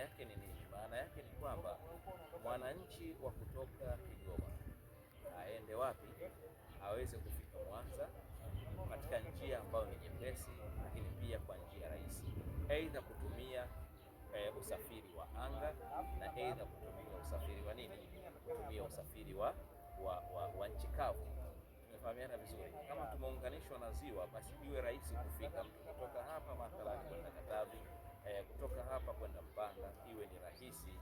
yake ni nini? Maana yake ni kwamba mwananchi wa kutoka Kigoma aende wapi? Aweze kufika Mwanza katika njia ambayo ni nyepesi, lakini pia kwa njia rahisi, aidha kutumia eh, usafiri wa anga na aidha kutumia usafiri wa nini, kutumia usafiri wa, wa, wa, wa nchi kavu. Tumefahamiana vizuri, kama tumeunganishwa na ziwa, basi iwe rahisi kufika urahisi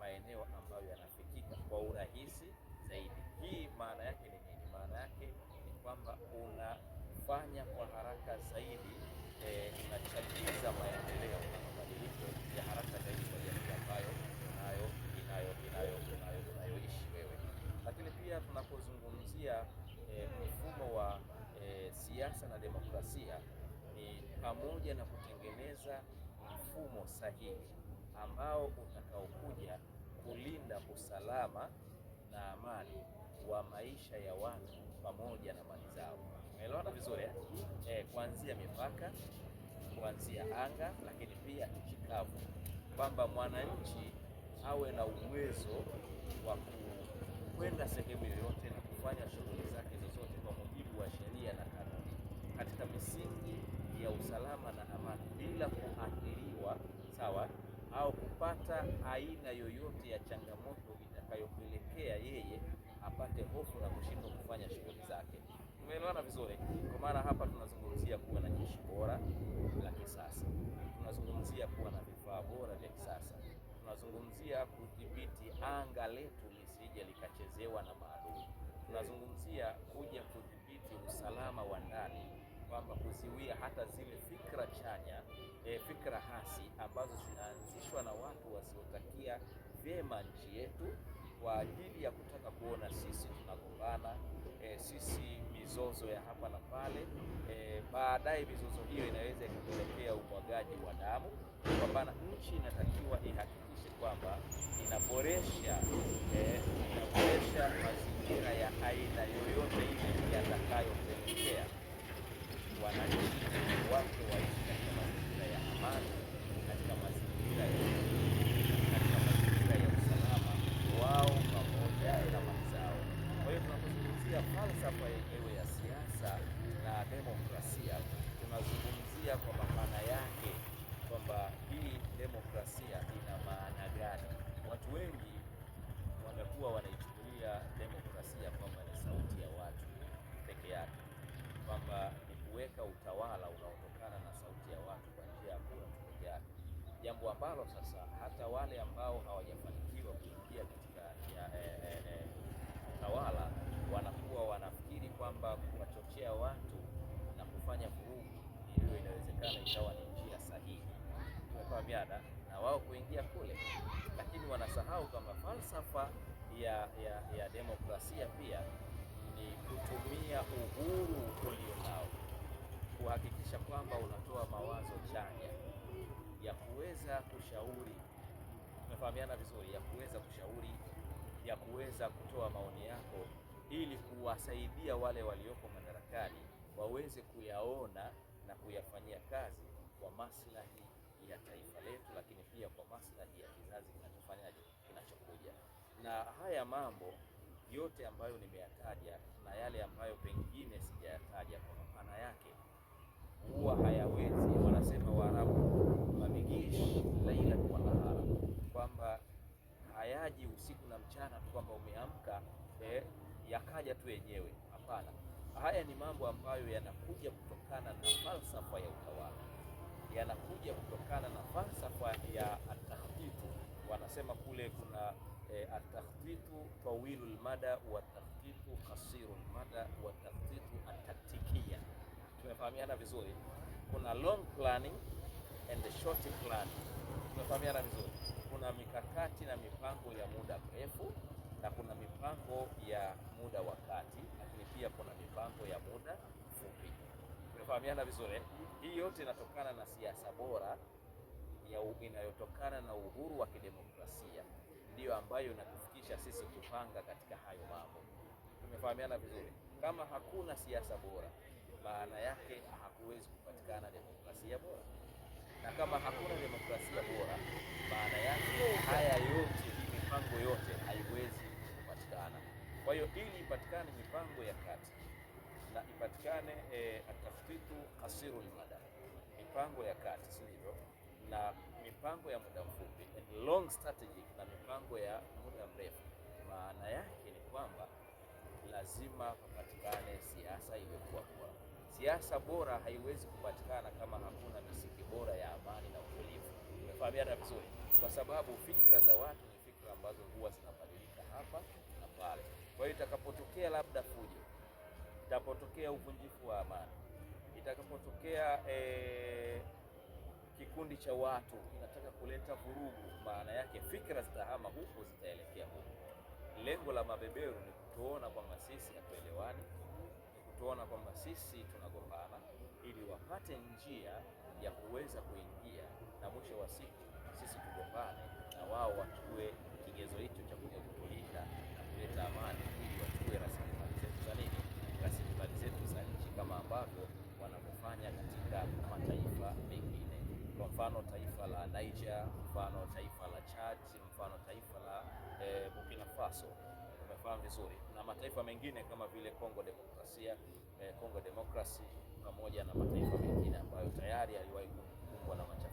maeneo ambayo yanafikika kwa urahisi zaidi. Hii maana yake ni nini? Maana yake ni kwamba unafanya kwa haraka zaidi, eh, unachagiza e, maendeleo na mabadiliko ya haraka zaidi kwa jamii ambayo unayoishi wewe. Lakini pia tunapozungumzia e, mfumo wa e, siasa na demokrasia ni pamoja na kutengeneza mfumo sahihi ambao utakaokuja kulinda usalama na amani wa maisha ya watu pamoja na mali zao. Umeelewana vizuri eh? Eh, kuanzia mipaka, kuanzia anga, lakini pia nchi kavu, kwamba mwananchi awe na uwezo wa kwenda sehemu yoyote yeye apate hofu na kushindwa kufanya shughuli zake. Tumeelewana vizuri? Kwa maana hapa tunazungumzia kuwa na jeshi bora la kisasa, tunazungumzia kuwa na vifaa bora vya kisasa, tunazungumzia kudhibiti anga letu lisije likachezewa na maadui, tunazungumzia kuja kudhibiti usalama wa ndani, kwamba kuziwia hata zile fikra chanya, e, fikra hasi ambazo zinaanzishwa na watu wasiotakia vyema nchi yetu kwa ajili ya kutaka kuona sisi tunagombana, e, sisi mizozo ya hapa na pale e, baadaye mizozo hiyo inaweza ikapelekea umwagaji wa damu. maana nchi inatakiwa ihakikishe kwamba inaboresha ambalo sasa hata wale ambao hawajafanikiwa kuingia katika eh, eh, eh, utawala wanakuwa wanafikiri kwamba kuwachochea watu na kufanya vurugu hiyo inawezekana ikawa ni njia sahihi viada na wao kuingia kule, lakini wanasahau kwamba falsafa ya, ya, ya demokrasia pia ni kutumia uhuru ulionao. kuweza kushauri, tumefahamiana vizuri, ya kuweza kushauri, ya kuweza kutoa maoni yako ili kuwasaidia wale walioko madarakani waweze kuyaona na kuyafanyia kazi kwa maslahi ya taifa letu, lakini pia kwa maslahi ya kizazi kinachofanyaje kinachokuja. Na haya mambo yote ambayo nimeyataja na yale ambayo huwa hayawezi, wanasema Waarabu mabigishi laila wa nahara, kwamba hayaji usiku na mchana tu kwamba umeamka eh, yakaja tu yenyewe. Hapana, haya ni mambo ambayo yanakuja kutokana na falsafa ya utawala, yanakuja kutokana na falsafa ya atakhtitu. Wanasema kule kuna E, eh, atakhtitu tawilul mada wa takhtitu qasirul mada wa takhtitu atakhtikia tumefahamiana vizuri. Kuna long planning and the short planning, tumefahamiana vizuri. Kuna mikakati na mipango ya muda mrefu na kuna mipango ya muda wa kati, lakini pia kuna mipango ya muda mfupi. Tumefahamiana vizuri. Eh? Hii yote inatokana na siasa bora inayotokana na uhuru wa kidemokrasia ndiyo ambayo inatufikisha sisi kupanga katika hayo mambo. Tumefahamiana vizuri. Kama hakuna siasa bora maana yake hakuwezi kupatikana demokrasia bora, na kama hakuna demokrasia bora, maana yake haya yote, mipango yote haiwezi kupatikana. Kwa hiyo ili ipatikane mipango ya kati na ipatikane e, eh, ataftitu kasirul mada, mipango ya kati, si ndivyo? na mipango ya muda mfupi and long strategy, na mipango ya muda mrefu, maana yake ni kwamba lazima papatikane siasa iliyokuwa bora siasa bora haiwezi kupatikana kama hakuna misingi bora ya amani na utulivu. Umefahamiana vizuri, kwa sababu fikra za watu ni fikra ambazo huwa zinabadilika hapa na pale. Kwa hiyo itakapotokea labda fujo, itakapotokea uvunjifu wa amani, itakapotokea eh, kikundi cha watu inataka kuleta vurugu, maana yake fikra zitahama huku, zitaelekea huku. Lengo la mabeberu ni kutuona kwamba sisi hatuelewani tuona kwamba sisi tunagombana ili wapate njia ya kuweza kuingia, na mwisho wa siku sisi tugombane na wao wachukue kigezo hicho cha kuja na kuleta amani, ili wachukue rasilimali zetu za nini, rasilimali zetu za nchi, kama ambavyo wanavyofanya katika mataifa mengine, kwa mfano taifa la Niger, mfano taifa la Chad, mfano taifa la eh, Burkina Faso tunafahamu vizuri, na mataifa mengine kama vile Kongo Demokrasia, eh, Kongo Demokrasi pamoja na mataifa mengine ambayo tayari yaliwahi kukumbwa na machafuko.